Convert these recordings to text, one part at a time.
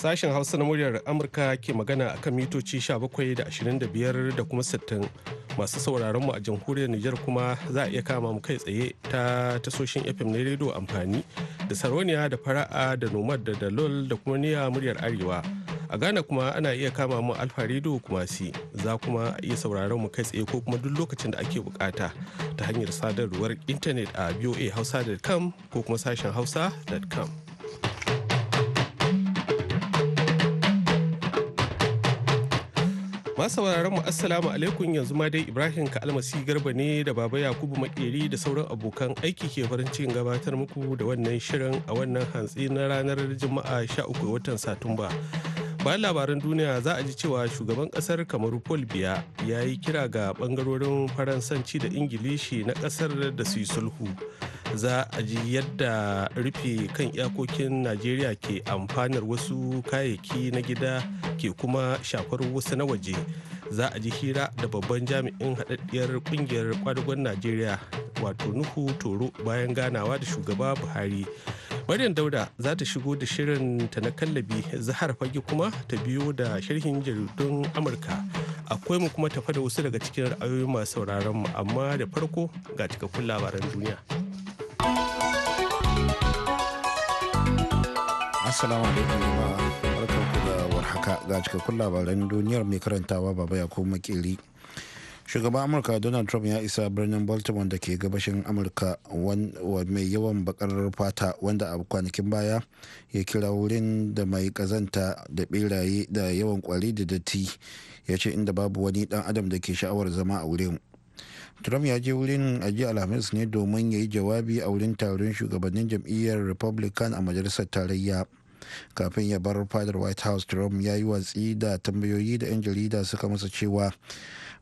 Sashen Hausa na muryar Amurka ke magana a kan mitoci 17 da da kuma 60 masu sauraron mu a jamhuriyar Nijar kuma za a iya kama mu kai tsaye ta tasoshin FM na rediyo amfani da sarauniya da Fara'a da Nomad da Dalol da kuma Niya muryar Arewa. A Ghana kuma ana iya kama mu Alfa rediyo kuma si za kuma a iya sauraron mu kai tsaye ko kuma duk lokacin da ake bukata ta hanyar sadarwar intanet a voahausa.com ko kuma sashen hausa.com. masauraran sauraron mu assalamu alaikum yanzu ma dai Ibrahim ka almasi garba ne da Baba Yakubu Makeri da sauran abokan aiki ke farin cikin gabatar muku da wannan shirin a wannan hantsi na ranar Juma'a 13 watan Satumba. Bayan labaran duniya za a ji cewa shugaban kasar kamaru Paul Biya ya yi kira ga bangarorin Faransanci da Ingilishi na kasar da su yi sulhu. za a ji yadda rufe kan iyakokin najeriya ke amfanar wasu kayayyaki na gida ke kuma shafar wasu na waje za a ji hira da babban jami'in haɗaɗɗiyar ƙungiyar kwadagon najeriya wato nuhu toro bayan ganawa da shugaba buhari maryam dauda za ta shigo da shirin ta na kallabi zahar fage kuma ta biyo da sharhin jaridun amurka akwai mu kuma tafa da wasu daga cikin ra'ayoyi masu sauraron mu amma da farko ga cikakkun labaran duniya. Assalamu alaikum barkar ku da warhaka ga cikakkun labaran duniyar mai karantawa baba ya kuma makeri. Shugaban Amurka Donald Trump ya isa birnin Baltimore da ke gabashin Amurka mai yawan bakar fata wanda a kwanakin baya ya kira wurin da mai kazanta da beraye da yawan kwari da datti ya ce inda babu wani dan adam da ke sha'awar zama a wurin. trump ya je wurin ajiye alhamis ne domin ya yi jawabi a wurin taron shugabannin jam'iyyar republican a majalisar tarayya kafin ya bar fadar white house trump ya yi watsi da tambayoyi da 'yan jarida suka masa cewa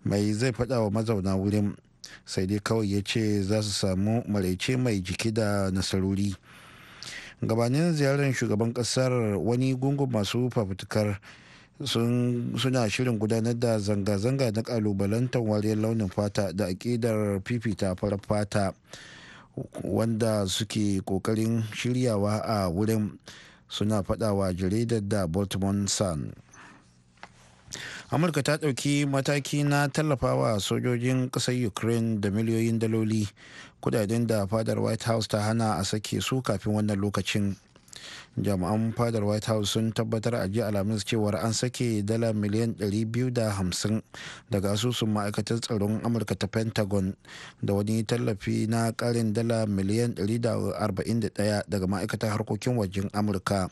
mai zai faɗa wa mazauna wurin sai dai kawai ya ce za su samu maraice mai jiki da nasarori gabanin ziyarar shugaban kasar wani gungun masu fafutukar suna shirin gudanar da zanga-zanga na kalubalantar wariyar launin fata da akidar fifita farar fata wanda suke kokarin shiryawa a wurin suna faɗawa jaridar da baltimore sun amurka ta ɗauki mataki na tallafawa sojojin ƙasar ukraine da miliyoyin daloli kudaden da fadar white house ta hana a sake su kafin wannan lokacin jami'an fadar white house sun tabbatar a jiya alhamis cewar an sake dala miliyan 250 daga asusun ma'aikatar tsaron amurka ta pentagon da wani tallafi na karin dala miliyan 141 daga ma'aikatar harkokin wajen amurka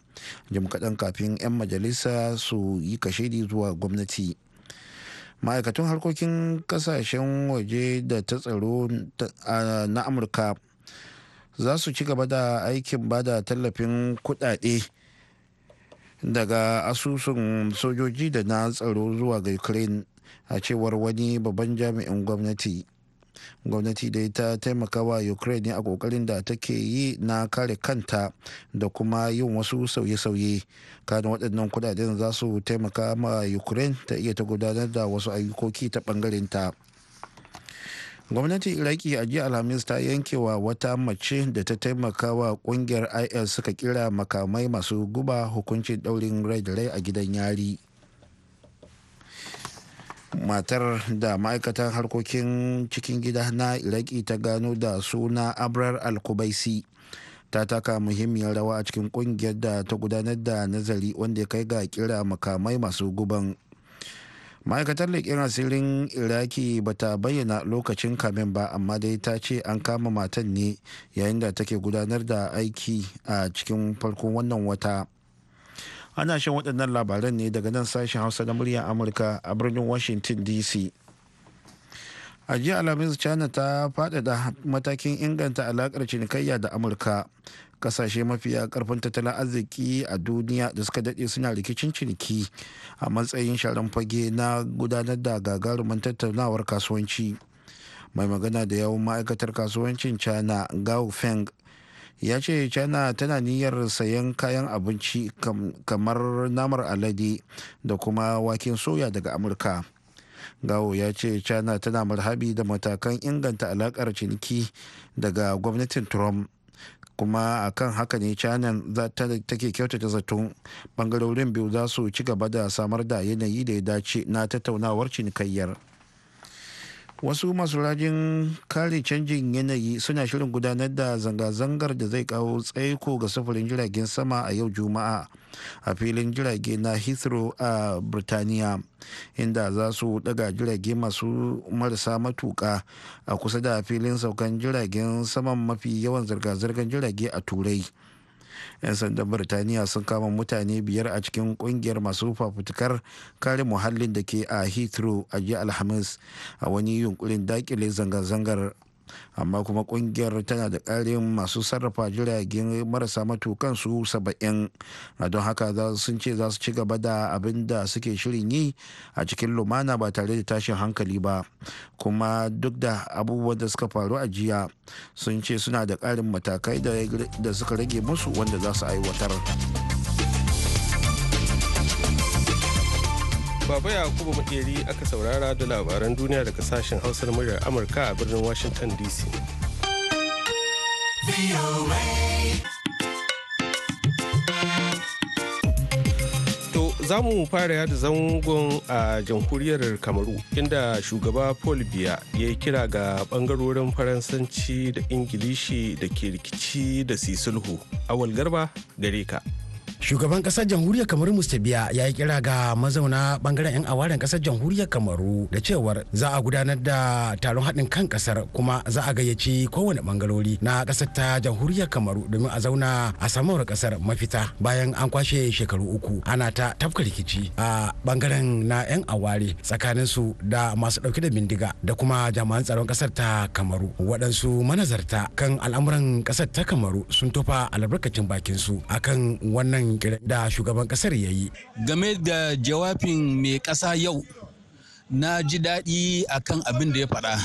jim kaɗan kafin 'yan majalisa su yi kashedi zuwa gwamnati ma'aikatun harkokin kasashen waje da ta tsaro na amurka za su ci gaba da aikin bada tallafin kudade daga asusun sojoji da na tsaro zuwa ga ukraine a cewar wani babban jami'in gwamnati gwamnati dai ta taimaka wa ukraine a kokarin da take yi na kare kanta da kuma yin wasu sauye-sauye kanin waɗannan kudaden za su taimaka ma ukraine ta iya ta gudanar da wasu ayyukoki ta ɓangarenta gwamnatin iraki a jiya alhamis ta yankewa wata mace da ta taimaka wa kungiyar is suka kira makamai masu guba hukuncin daurin rai da rai a gidan yari matar da ma'aikatan harkokin cikin gida na iraki ta gano da suna abrar alkubaisi ta taka muhimmiyar rawa a cikin kungiyar da ta gudanar da nazari wanda ya kai ga kira makamai masu guban ma'aikatar leƙen asirin iraki ba ta bayyana lokacin kamin ba amma dai ta ce an kama matan ne yayin da take gudanar da aiki a cikin farkon wannan wata ana shan waɗannan labaran ne daga nan sashen hausa na muryar amurka a birnin washington dc a jiya alhamis china ta faɗaɗa matakin inganta alaƙar cinikayya da amurka kasashe mafiya karfin tattalin arziki a duniya da suka dade suna rikicin ciniki a matsayin sharan fage na gudanar da gagarumin tattaunawar kasuwanci mai magana da yawon ma'aikatar kasuwancin china gao feng ya ce china tana niyyar sayan kayan abinci kamar namar alade da kuma waken soya daga amurka gawo ya ce china tana marhabi da matakan inganta alakar ciniki daga gwamnatin trump kuma a kan haka ne china take kyautata zaton bangarorin biyu za su ci gaba da samar da yanayi da ya dace na tattaunawar cinikayyar. wasu masu rajin kare canjin yanayi suna shirin gudanar da zanga-zangar da zai kawo tsaiko ga sufurin jiragen sama a yau juma'a a filin jirage na heathrow a birtaniya inda za su daga jirage masu marasa matuka a kusa da filin saukan jiragen saman mafi yawan zirga-zirgar jirage a turai 'yan sandan birtaniya sun kama mutane biyar a cikin kungiyar masu fafutukar kare muhallin da ke a heathrow a jiya alhamis a wani yunkurin dakile zanga-zangar amma kuma kungiyar tana da ƙarin masu sarrafa jiragen marasa matukan su saba'in don haka sun ce za su ci gaba da abin da suke shirin yi a cikin lumana ba tare da tashin hankali ba kuma duk da abubuwan da suka faru a jiya sun ce suna da ƙarin matakai da suka rage musu wanda za su aiwatar. Baba Yakubu Makeri aka saurara da labaran duniya daga sashen hausar muryar Amurka a birnin Washington DC. To za mu fara yada zangon a jamhuriyar kamaru inda shugaba paul biya ya yi kira ga bangarorin faransanci da ingilishi da ke rikici da sisulhu a garba gare ka shugaban kasar jamhuriyar kamaru biya ya yi kira ga mazauna bangaren 'yan awaren kasar jamhuriyar kamaru da cewar za a gudanar da taron haɗin kan kasar kuma za a gayyaci kowane bangarori na kasar ta jamhuriyar kamaru domin a zauna a samuwar kasar mafita bayan an kwashe shekaru uku ana ta tafka rikici a bangaren na 'yan aware tsakanin su da masu ɗauke da bindiga da kuma jami'an tsaron kasar ta kamaru waɗansu manazarta kan al'amuran kasar ta kamaru sun tofa albarkacin bakin su akan wannan yunkirin da shugaban kasar ya yi game da jawabin mai ƙasa yau na ji daɗi a kan abin da ya faɗa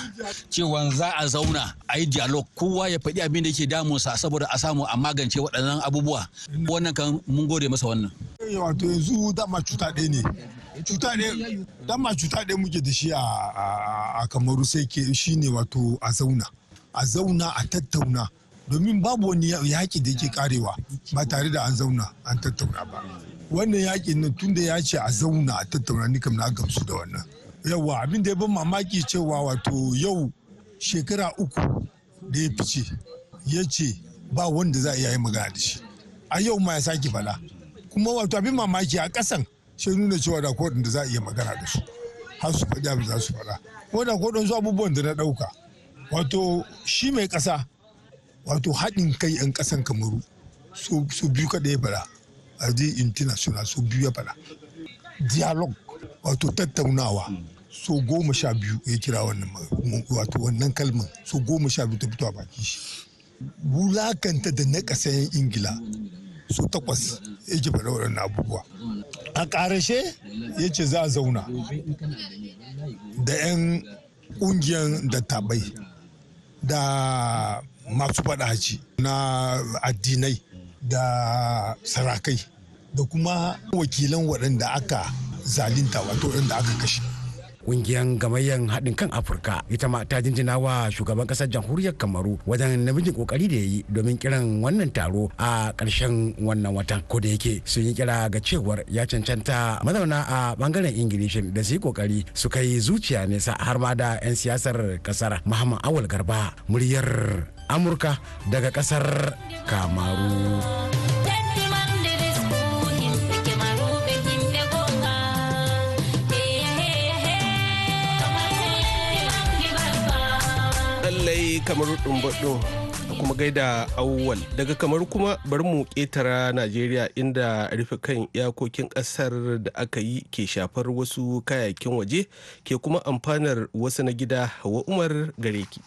cewa za a zauna a yi dialog kowa ya faɗi abin da ke damunsa saboda a samu a magance waɗannan abubuwa wannan kan mun gode masa wannan wato yanzu dama cuta ɗaya ne cuta ne dama cuta ɗaya muke da shi a kamaru sai ke shi ne wato a zauna a zauna a tattauna domin babu wani yaƙi da yake karewa ba tare da an zauna an tattauna ba wannan yaƙin nan tun da ya ce a zauna a tattauna ni kam na gamsu da wannan yawa abin da ya ban mamaki cewa wato yau shekara uku da ya fice ya ce ba wanda za a yi magana da shi a yau ma ya sake fada kuma wato abin mamaki a kasan sai nuna cewa da kodin da za a iya magana da su har su faɗi abin za su faɗa ko da kodin su abubuwan da na ɗauka wato shi mai ƙasa wato haɗin kai 'yan ƙasan kamaru su biyu kaɗai bara a ji international su biyu ya bara dialogue wato tattaunawa so goma sha biyu ya kira wannan wato wannan kalman so goma sha biyu ta fito a baki shi wulakanta da na ƙasayen ingila so takwas ya ji fara waɗannan abubuwa a ƙarashe ya ce za a zauna da 'yan ƙungiyar da tabai da masu faɗaci na addinai da sarakai da kuma wakilan waɗanda aka zalinta wato waɗanda aka kashe. Ƙungiyar gamayyar haɗin kan Afirka ita ma ta jinjina wa shugaban ƙasar jamhuriyar Kamaru wajen namijin ƙoƙari da ya yi domin kiran wannan taro a ƙarshen wannan watan. Ko da yake sun yi kira ga cewar ya cancanta mazauna a ɓangaren Ingilishin da su yi ƙoƙari su kai zuciya nesa har ma da 'yan siyasar ƙasar Muhammad Awal Garba muryar amurka daga kasar kamaru lallai kamar ɗumbaɗo kuma gaida awwal daga kamar kuma bari mu ƙetara najeriya inda rufe kan iyakokin ƙasar da aka yi ke shafar wasu kayayyakin waje ke kuma amfanar wasu na gida wa umar gare ki.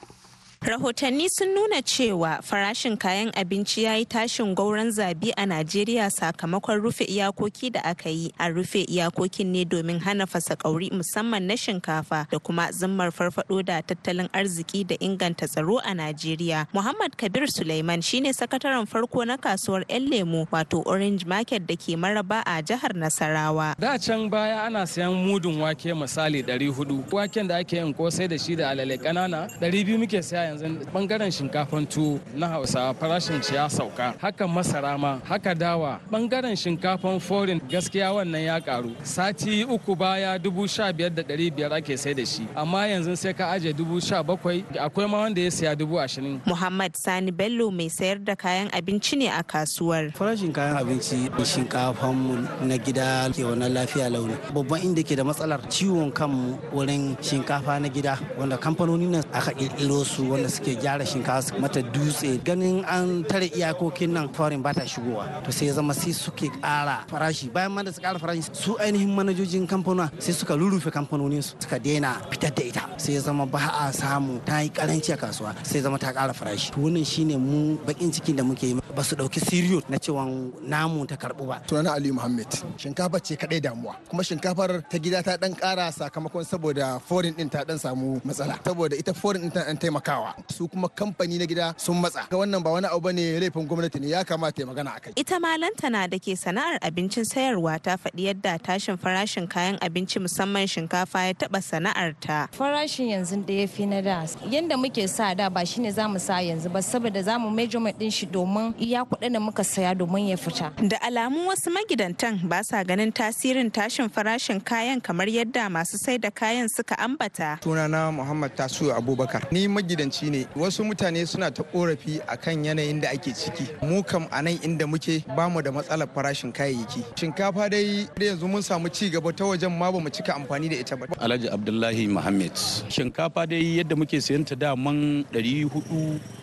rahotanni sun nuna cewa farashin kayan abinci ya yi tashin gauran zabi a najeriya sakamakon rufe iyakoki da aka yi a rufe iyakokin ne domin hana fasa kauri musamman na shinkafa da kuma zimmar farfado da tattalin arziki da inganta tsaro a najeriya muhammad kabir suleiman shine sakataren farko na kasuwar yan lemo wato orange market da ke maraba a jihar nasarawa da can baya ana sayan mudun wake misali 400 waken da ake yin kosai da shi da alale ƙanana 200 muke saya yanzu bangaren shinkafan tuwo na hausa farashin shi ya sauka haka masara ma haka dawa bangaren shinkafan forin gaskiya wannan ya karu sati uku baya dubu sha biyar da ɗari biyar ake sai da shi amma yanzu sai ka aje dubu sha bakwai akwai ma wanda ya siya dubu ashirin. muhammad sani bello mai sayar da kayan abinci ne a kasuwar. farashin kayan abinci shinkafan mu na gida ke wannan lafiya launi babban inda ke da matsalar ciwon kanmu wurin shinkafa na gida wanda kamfanoni nan aka ƙirƙiro su da suke gyara shinkafa su mata dutse ganin an tare iyakokin nan foreign ba ta shigowa to sai zama sai suke ƙara farashi bayan ma da su ƙara farashi su ainihin manajojin kamfanuwa sai suka rurrufe kamfanonin su suka daina fitar da ita sai zama ba a samu ta yi karanci a kasuwa sai zama ta ƙara farashi to wannan shine mu bakin ciki da muke yi ba su ɗauki siriyo na cewa namu ta karbu ba sunana ali muhammad shinkafa ce kadai damuwa kuma shinkafar ta gida ta ɗan ƙara sakamakon saboda foreign ɗin ta ɗan samu matsala saboda ita forin din ta dan taimakawa su kuma kamfani na gida sun matsa ga wannan ba wani abu bane laifin gwamnati ne ya kamata ya magana akai ita ma lantana da ke sana'ar abincin sayarwa ta faɗi yadda tashin farashin kayan abinci musamman shinkafa ya taɓa sana'ar ta farashin yanzu da ya fi na da yanda muke sa da ba shine za mu sa yanzu ba saboda za zamu measurement din shi domin iya kuɗin da muka saya domin ya fita da alamu wasu magidantan ba sa ganin tasirin tashin farashin kayan kamar yadda masu sai da kayan suka ambata tunana muhammad tasu abubakar ni magidanci shine wasu mutane suna ta korafi akan yanayin da ake ciki mu kam a nan inda muke bamu da matsalar farashin kayayyaki shinkafa dai yanzu mun samu ci gaba ta wajen ma bamu cika amfani da ita ba alhaji abdullahi muhammad shinkafa dai yadda muke sayan ta daman 400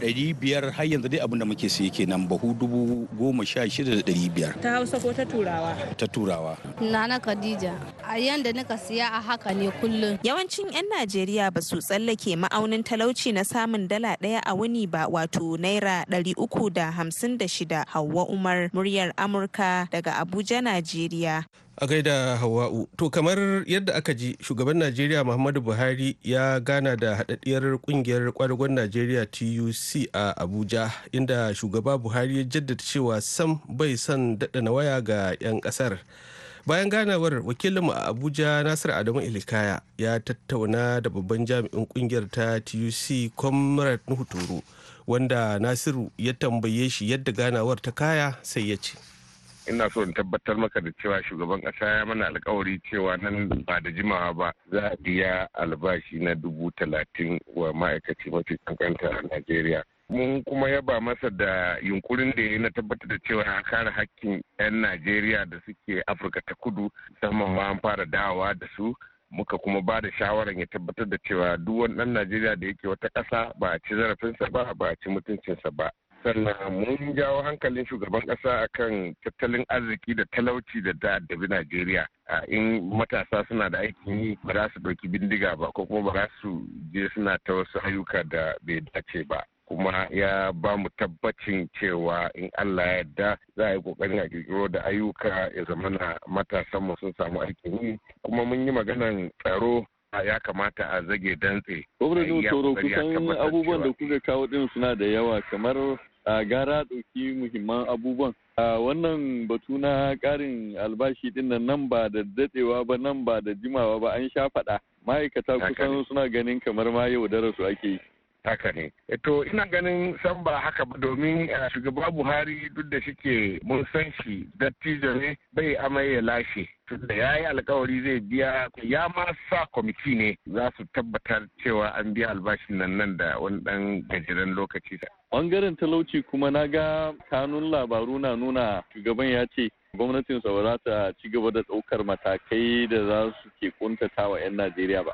500 har yanzu dai abin da muke saye kenan bahu dubu goma sha shida da ɗari biyar ta hausa ko ta turawa ta turawa nana khadija a yanda nika siya a haka ne kullum yawancin 'yan najeriya ba su tsallake ma'aunin talauci na sa samun dala ɗaya a wuni ba wato naira ɗari uku da hamsin da shida Hauwa Umar muryar Amurka daga Abuja, Najeriya. A gaida Hawa'u, to kamar yadda aka ji shugaban Najeriya Muhammadu Buhari ya gana da haɗaɗɗiyar ƙungiyar ƙwadagon Najeriya TUC a Abuja, inda shugaba Buhari ya jaddada cewa sam bai son daɗa waya ga 'yan ƙasar. bayan ganawar wakilinmu a abuja nasir adamu ilikaya ya tattauna da babban jami'in kungiyar ta tuc comrade nuhu toro wanda nasiru ya tambaye shi yadda ganawar ta kaya sai ya ce ina so in tabbatar maka da cewa shugaban kasa ya mana alkawari cewa nan ba da jimawa ba za a biya albashi na dubu talatin wa ma'aikaci mafi kankanta a najeriya mun kuma yaba masa da yunkurin da ya na tabbatar da cewa ya kare hakkin 'yan najeriya da suke afirka ta kudu musamman ma an fara dawowa da su muka kuma ba da shawarar ya tabbatar da cewa duk wani ɗan najeriya da yake wata ƙasa ba a ci zarafinsa ba ba a ci mutuncinsa ba sannan mun jawo hankalin shugaban ƙasa akan tattalin arziki da talauci da addabi najeriya in matasa suna da aikin yi ba za su ɗauki bindiga ba ko kuma ba za su je suna ta wasu ayyuka da bai dace ba kuma ya ba mu tabbacin cewa in Allah ya yarda za a yi kokarin a kirkiro da ayyuka ya zamana matasan mu sun samu aikin yi kuma mun yi maganan tsaro ya kamata a zage dantse. Obredo Toro kusan abubuwan da kuka kawo din suna da yawa kamar a gara ɗauki muhimman abubuwan. A wannan batu na ƙarin albashi din nan ba da daɗewa ba nan ba da jimawa ba an sha faɗa. Ma'aikata kusan suna ganin kamar ma yaudara su ake yi. haka ne eh, to ina ganin san ba haka ba domin eh, shugaba buhari duk da shike mun san shi dattijo ne bai amai lashe da ya yi alkawari zai biya ya ma sa kwamiti ne za su tabbatar cewa an biya albashin nan nan da wani dan gajeren lokaci bangaren talauci kuma na ga kanun labaru na nuna shugaban ya ce gwamnatin ba za ta ci gaba da ɗaukar matakai da za su ke kuntata wa 'yan najeriya ba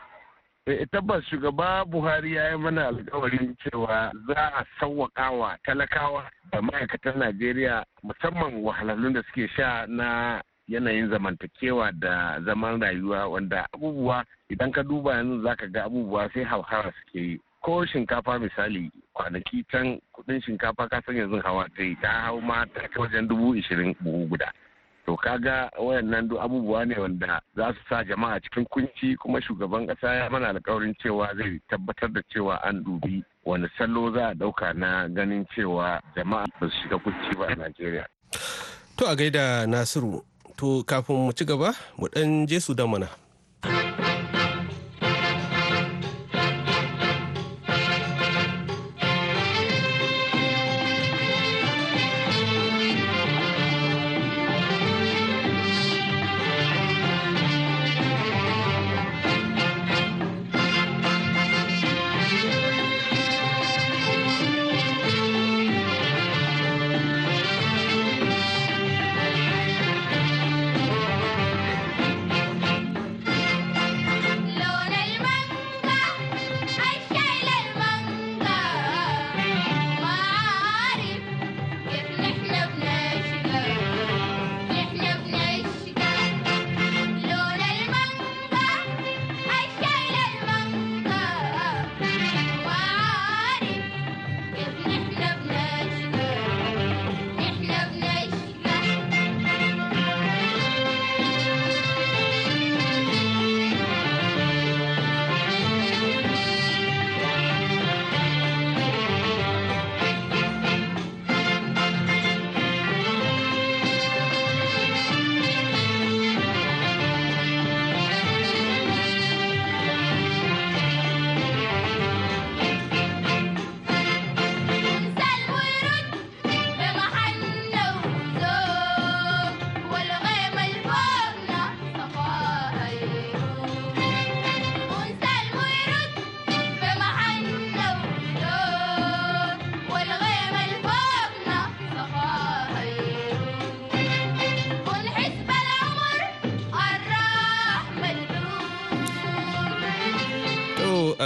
Eh, tabbas shugaba buhari ya yi mana alkawarin cewa za a sauwaka wa talakawa da ma'aikatan najeriya musamman wahalhalun da suke sha na yanayin zamantakewa da zaman rayuwa wanda abubuwa idan ka duba yanzu zaka ga abubuwa sai hauhara suke yi ko shinkafa misali kwanaki can kudin shinkafa ka san yanzu hawa ta yi ta hau ma ta wajen dubu ishirin buhu guda to kaga wayannan duk abubuwa ne wanda za su sa jama'a cikin kunci kuma shugaban kasa ya mana alkawarin cewa zai tabbatar da cewa an dubi wani salo za a dauka na ganin cewa jama'a ba su shiga kunci ba a najeriya to a gaida nasiru to kafin mu ci gaba mu dan je su da mana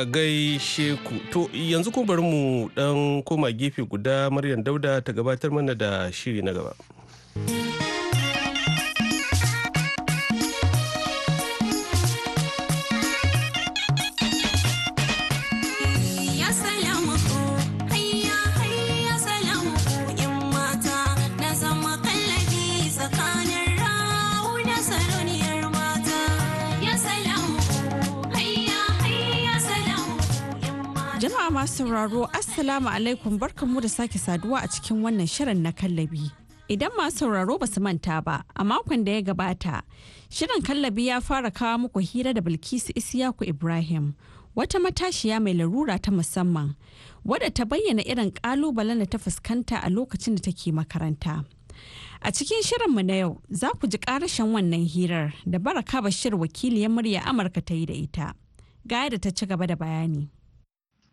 gaishe ku. To yanzu ko bari mu dan koma gefe guda Maryam Dauda ta gabatar mana da shiri na gaba. masu sauraro Assalamu alaikum barkanmu da sake saduwa a cikin wannan shirin na kallabi. Idan masu sauraro ba su manta ba, a makon da ya gabata, shirin kallabi ya fara kawo muku hira da Bilkisu Isiyaku Ibrahim, wata matashiya mai larura ta musamman, wadda ta bayyana irin kalubalen da ta fuskanta a lokacin da take makaranta. A cikin shirin mu na yau, za ku ji ƙarashin wannan hirar da Baraka Bashir wakiliyar murya Amurka ta yi da ita. Ga da ta ci gaba da bayani.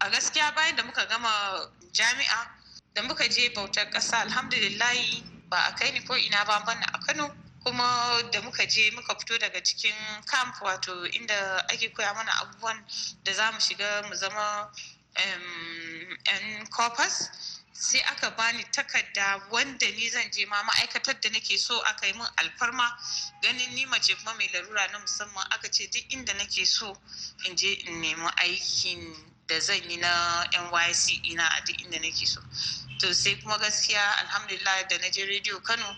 a gaskiya bayan da muka gama jami'a da muka je bautar ƙasa alhamdulillahi ba a kai ni ko ina ba ban a kano kuma da muka je muka fito daga cikin camp wato inda ake koya mana abubuwan da za mu shiga mu zama yan corpus sai aka bani takarda wanda ni zan je ma ma'aikatar da nake so aka yi min alfarma ganin ni mace kuma mai larura na musamman aka ce duk inda nake so in je in nemi aikin da zan yi na nyc ina a duk inda nake so to sai kuma gaskiya alhamdulillah da na je rediyo kano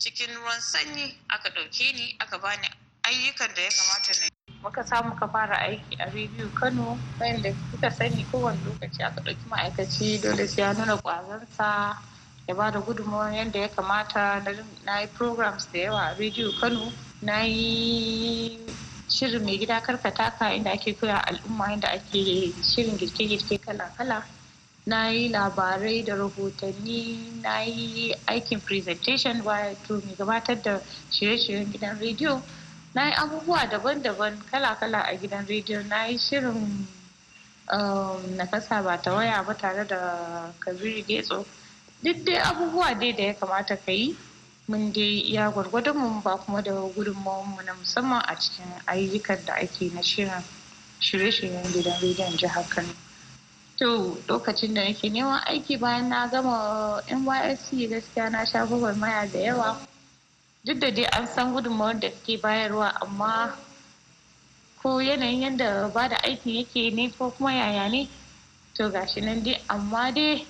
cikin ruwan sanyi aka ɗauke ni aka bani ayyukan da ya kamata na muka samu ka fara aiki a rediyo kano bayan da kuka sani kowane lokaci aka ɗauki ma'aikaci dole sai ya nuna ƙwazonsa ya ba da gudunmawar yadda ya kamata na yi programs da yawa a rediyo kano na yi shirin mai gida karka taka inda ake koya al'umma inda ake shirin girke-girke kala-kala na yi labarai da rahotanni na yi aikin presentation wato mai gabatar da shirye-shiryen gidan rediyo na yi abubuwa daban-daban kala-kala a gidan rediyo na yi shirin um, na kasa ba ta waya ba tare da kabiru getso duk dai abubuwa dai da ya kamata ka yi mun dai iya gwargwadon mu ba kuma da gudunmawar mu na musamman a cikin ayyukan da ake na shirin shirye-shiryen gidan rediyon jihar Kano. To lokacin da nake neman aiki bayan na gama NYSC gaskiya na sha gwagwarmaya da yawa. Duk da dai an san gudunmawar da ke bayarwa amma ko yanayin yadda ba da aikin yake ne ko kuma yaya ne to gashi nan dai amma dai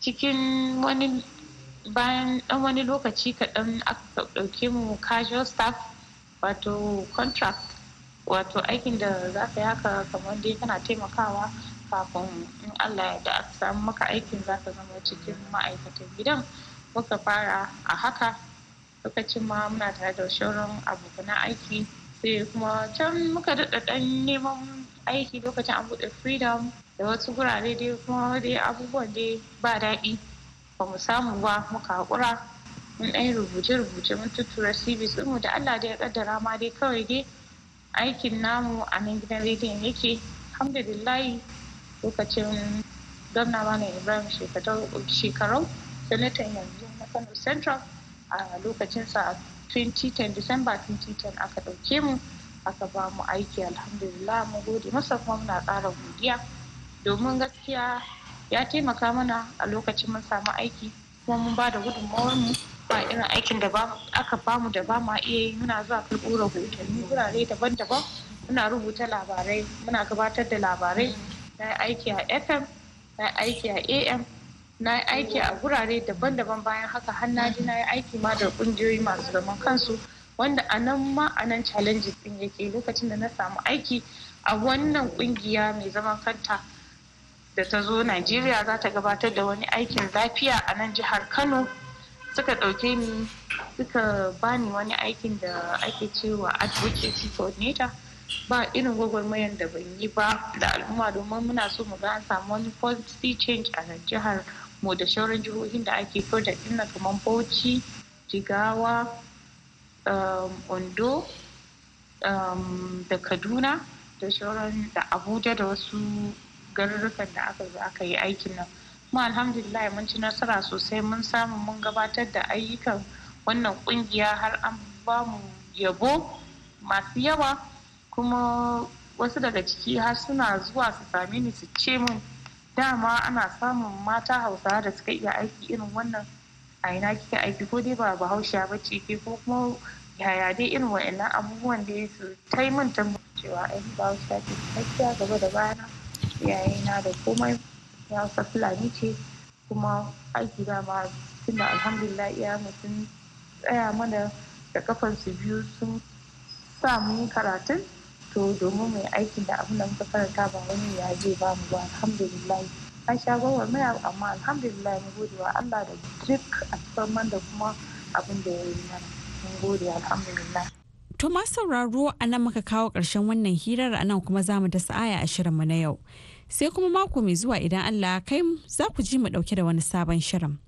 cikin wani bayan dan wani lokaci kaɗan aka ɗauke mu casual staff wato contract wato aikin da za ka yi haka kamar dai kana taimakawa kafin in allah da aka samu maka aikin za ka zama cikin ma'aikatan gidan muka fara a haka lokacin ma muna tare da shauran abokan aiki sai kuma can muka daɗa ɗan neman aiki lokacin an buɗe freedom da wasu gurare dai kuma dai abubuwan dai ba daɗi ba mu samu ba muka haƙura mun ɗan rubuce-rubuce mun tuttura cv mu da allah da ya ƙaddara ma dai kawai dai aikin namu a nan gidan rediyon yake alhamdulillahi lokacin gwamna na ibrahim shekarau sanatan yanzu na kano central a lokacinsa a 2010 december 2010 aka ɗauke mu aka ba mu aiki alhamdulillah mu gode masa kuma muna ƙara godiya domin gaskiya ya taimaka mana a lokacin mun samu aiki kuma mun ba da gudunmawar mu ba irin aikin da aka bamu da ba ma iya yi muna zuwa karɓo rahotanni wurare daban-daban muna rubuta labarai muna gabatar da labarai na aiki a fm na aiki a am na aiki a gurare daban-daban bayan haka har na ji na yi aiki ma da ƙungiyoyi masu zaman kansu wanda a nan ma a nan challenges din yake lokacin da na samu aiki a wannan ƙungiya mai zaman kanta da ta zo Najeriya za ta gabatar da wani aikin lafiya a nan jihar Kano suka ɗauke ni suka bani wani aikin da ake cewa advocacy coordinator ba irin gwagwarmayar da ban yi ba da al'umma domin muna so mu ga an samu wani policy change a nan jihar mu da shauran jihohin da ake da ɗin kamar Bauchi, Jigawa, um, Ondo um, da Kaduna da shauran da Abuja da wasu garurrukan da aka zo aka yi aikin nan kuma alhamdulillah mun ci nasara sosai mun samu mun gabatar da ayyukan wannan kungiya har an ba mu yabo masu yawa kuma wasu daga ciki har suna zuwa su sami ni su ce mun dama ana samun mata hausawa da suka iya aiki irin wannan a ina kika aiki ko dai ba bahaushe ba ce ke ko kuma yaya dai irin wa'annan abubuwan da su mu. cewa ai tambacewa ai bahaushiya ce gaskiya gaba da bayana iyayena e da komai ya wasa fulani ce kuma aiki dama tunda alhamdulillah iyayenmu sun tsaya mana da su biyu sun sa mu karatu karatun to domin mai aikin da abin da muka karanta ba wani ya je ba mu ba alhamdulillah an sha maya amma alhamdulillah mun gode wa Allah da duk alfarman da kuma abin da ya yi mana mun gode alhamdulillah To ma sauraro a nan muka kawo ƙarshen wannan hirar a nan kuma za mu dasa aya a shirinmu na yau. sai kuma mako mai zuwa idan Allah kai za ku ji mu dauke da wani sabon shirin.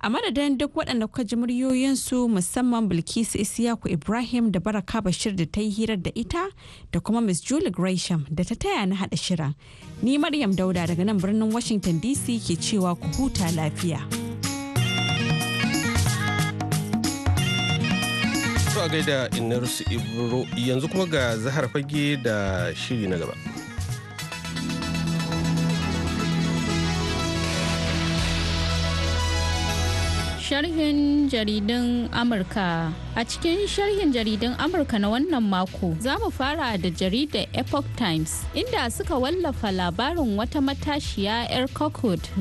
A madadin duk waɗanda kuka ji muryoyinsu musamman Bilkisu Isiyaku Ibrahim da Baraka Bashir da ta yi hirar da ita da kuma Miss Julie Gresham da ta taya na haɗa shirin. Ni Maryam Dauda daga nan birnin Washington DC ke cewa ku huta lafiya. To gaida Inarsu Ibro yanzu kuma ga Zahar Fage da shiri na gaba. sharhin jaridun Amurka. A cikin sharhin jaridan Amurka na wannan mako, za mu fara da jaridar Epoch Times, inda suka wallafa labarin wata matashiya 'yar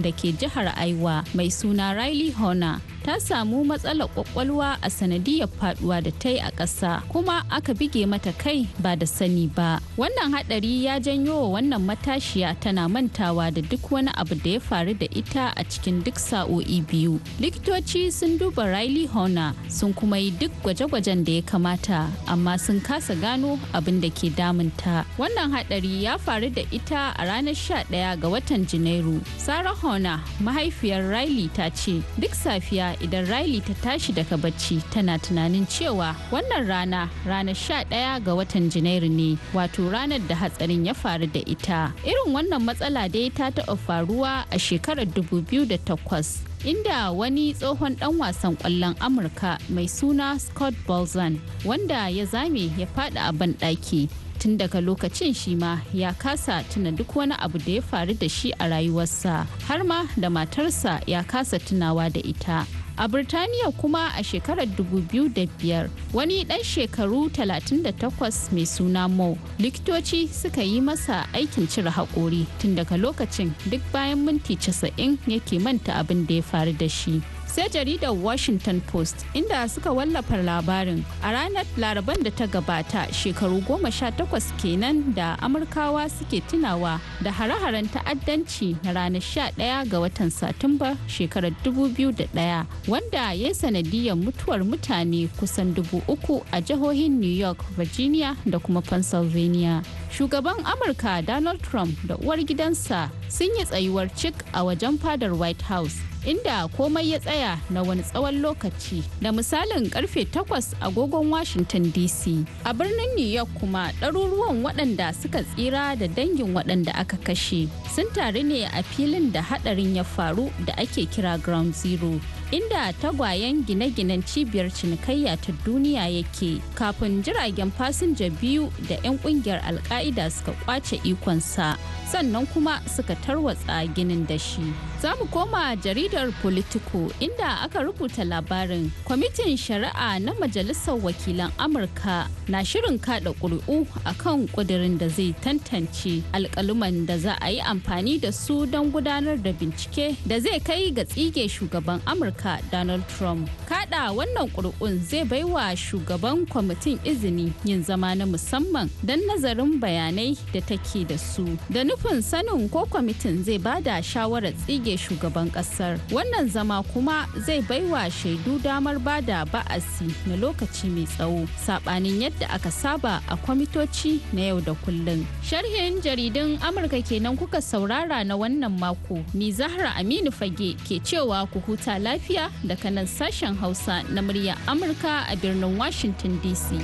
da ke jihar Aiwa mai suna Riley Horner. ta samu matsalar kwakwalwa a sanadiyar faduwa da ta yi a ƙasa kuma aka bige mata kai ba da sani ba wannan haɗari ya janyo wa wannan matashiya tana mantawa da duk wani abu da ya faru da ita a cikin duk sa'o'i biyu likitoci sun duba riley horner sun kuma yi duk gwaje-gwajen da ya kamata amma sun kasa gano abin da ke damunta wannan haɗari ya faru da ita a ranar 11 ga watan janairu sarah horner mahaifiyar riley ta ce duk safiya idan Riley ta tashi daga bacci tana tunanin cewa wannan rana ranar sha ɗaya ga watan Janairu ne wato ranar da hatsarin ya faru da ita. Irin wannan matsala dai ta taɓa faruwa a shekarar 2008 inda wani tsohon dan wasan kwallon amurka mai suna scott bolzan wanda ya zame ya fada a banɗaki tun daga lokacin shi ma ya kasa tuna duk wani abu da ya faru da shi a rayuwarsa har ma da matarsa ya kasa tunawa da ita a birtaniya kuma a shekarar 2005 wani ɗan shekaru 38 mai suna mo likitoci suka yi masa aikin cire haƙori tun daga lokacin duk bayan minti 90 yake manta abin da ya faru da shi sai jaridar washington post inda suka wallafa labarin a ranar laraban da ta gabata shekaru goma sha takwas kenan da amurkawa suke tunawa da hare-haren ta'addanci na ranar sha ɗaya ga watan satumba shekarar dubu biyu da ɗaya wanda ya sanadiyar mutuwar mutane kusan dubu uku a jihohin new york virginia da kuma pennsylvania shugaban amurka donald trump da uwar gidansa sun yi tsayuwar cik a wajen fadar white house inda komai ya tsaya na wani tsawon lokaci da misalin karfe 8 agogon Washington DC. A birnin New York kuma ɗaruruwan waɗanda suka tsira da dangin waɗanda aka kashe sun taru ne a filin da haɗarin ya faru da ake kira Ground Zero. inda tagwayen gine-ginen cibiyar cinikayya ta duniya yake kafin jiragen fasinja biyu da 'yan kungiyar alka'ida suka kwace ikonsa sannan kuma suka tarwatsa ginin da shi za mu koma jaridar politico inda aka rubuta labarin kwamitin shari'a na majalisar wakilan amurka na shirin kada ƙuri'u kan ƙudirin da zai tantance alƙaluman da za a yi amfani da su don gudanar da bincike da zai kai ga tsige shugaban amurka amurka donald trump kada wannan kurkun zai baiwa shugaban kwamitin izini yin zama na musamman don nazarin bayanai da take da su da nufin sanin ko kwamitin zai ba da shawarar tsige shugaban kasar wannan zama kuma zai baiwa shaidu damar ba da ba'asi na lokaci mai tsawo sabanin yadda aka saba a kwamitoci na yau da kullun. sharhin jaridun amurka kenan kuka saurara na wannan mako ni zahra aminu fage ke cewa ku huta lafiya lafiya daga nan sashen Hausa na muryar Amurka a birnin Washington DC.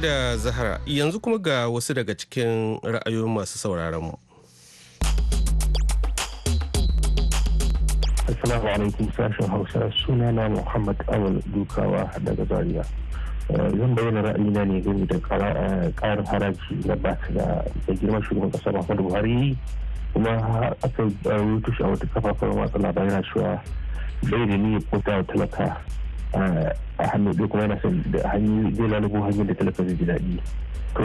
da Zahara yanzu kuma ga wasu daga cikin ra'ayoyin masu sauraron mu. Assalamu alaikum sashen Hausa sunana Muhammad Awal Dukawa daga Zaria. Eh, zan bayyana ra'ayina ne game da karin eh, haraji na ba da girman shugaban kasa Muhammadu Buhari kuma aka rubuta shi a wata kafafar watsa labarai na cewa bai da niyyar kwanta wa talaka eh, a hannu ɗaya kuma yana son da hanyoyi zai lalubo hanyar da talaka zai ji daɗi to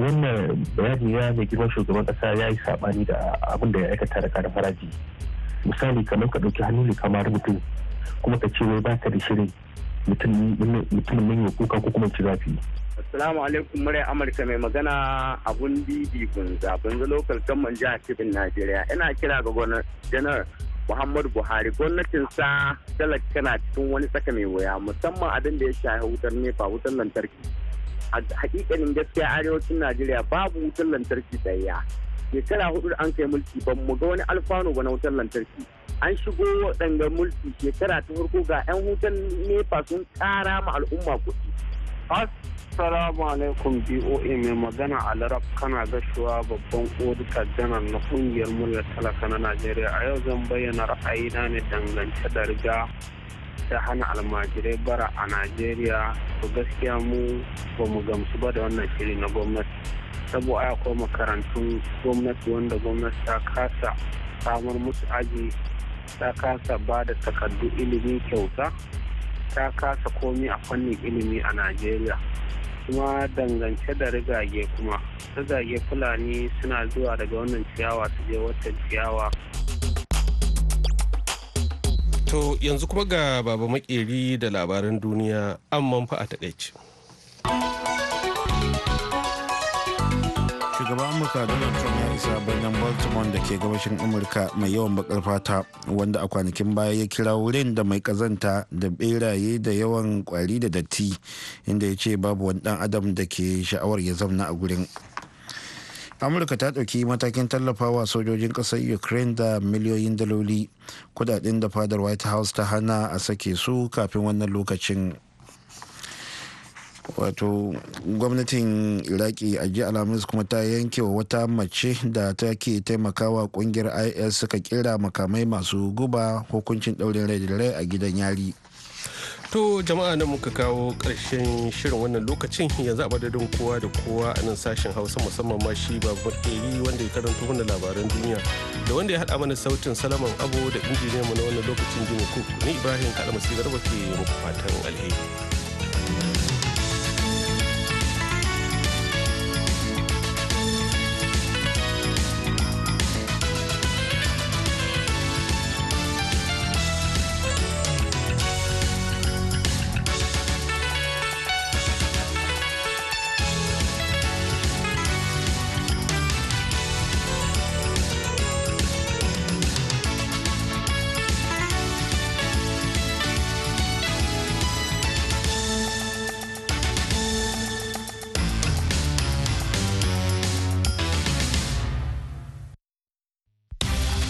wannan bayani ya mai girman shugaban ƙasa ya yi saɓani da abin da ya aikata da kada faraji misali kamar ka ɗauki hannu ne kamar mutum kuma ka ce wai ka da shirin mutumin mai ya kuka ko kuma ci zafi Assalamu alaikum murai Amurka mai magana abun didi gunza gunza lokal kamar jihar Kebbi Najeriya. Ina kira ga gwanar janar Muhammadu Buhari gwamnatin sa talaka tana cikin wani saka mai wuya musamman abin da ya shafi wutar nefa wutar lantarki. A hakikanin gaskiya arewacin Najeriya babu wutar lantarki tsayya. Shekara hudu an kai mulki ban mu ga wani alfano ba na wutar lantarki. An shigo waɗanga mulki shekara ta farko ga 'yan wutar nefa sun ƙara ma al'umma kuɗi. Assalamu alaikum BOA mai magana a larab kana gashuwa babban odita janar na kungiyar muryar talaka na Najeriya a yau zan bayyana ra'ayina ne dangance da riga ta hana almajirai bara a Najeriya to gaskiya mu ba mu gamsu ba da wannan shiri na gwamnati saboda akwai makarantun gwamnati wanda gwamnati ta kasa samar musu aji ta kasa ba da takardu ilimi kyauta ta kasa komi a fannin ilimi a najeriya kuma dangance da rigage kuma rigage fulani suna zuwa daga wannan ciyawa su je wata ciyawa to yanzu kuma ga baba makeri da labaran duniya an manfa a taɗaici shugaban musa donald trump sabon nan baltimore da ke gabashin amurka mai yawan bakar fata wanda a kwanakin baya ya kira wurin da mai kazanta da beraye da yawan kwari da datti inda ya ce babu wani dan adam da ke sha'awar ya zauna a gurin amurka ta ɗauki matakin tallafawa sojojin ƙasar ukraine da miliyoyin daloli kudaden da fadar white house ta hana a sake su kafin wannan lokacin wato gwamnatin iraki a ji alhamis kuma ta yanke wa wata mace da ta ke taimakawa kungiyar is suka kira makamai masu guba hukuncin daurin rai da rai a gidan yari to jama'a na muka kawo ƙarshen shirin wannan lokacin yanzu a madadin kowa da kowa a nan sashen hausa musamman ma shi babban ɗari wanda ya karanta mana labaran duniya da wanda ya haɗa mana sautin salaman abu da injiniyan mu na wannan lokacin gini kuku ni ibrahim kalmasi garba ke muku fatan alheri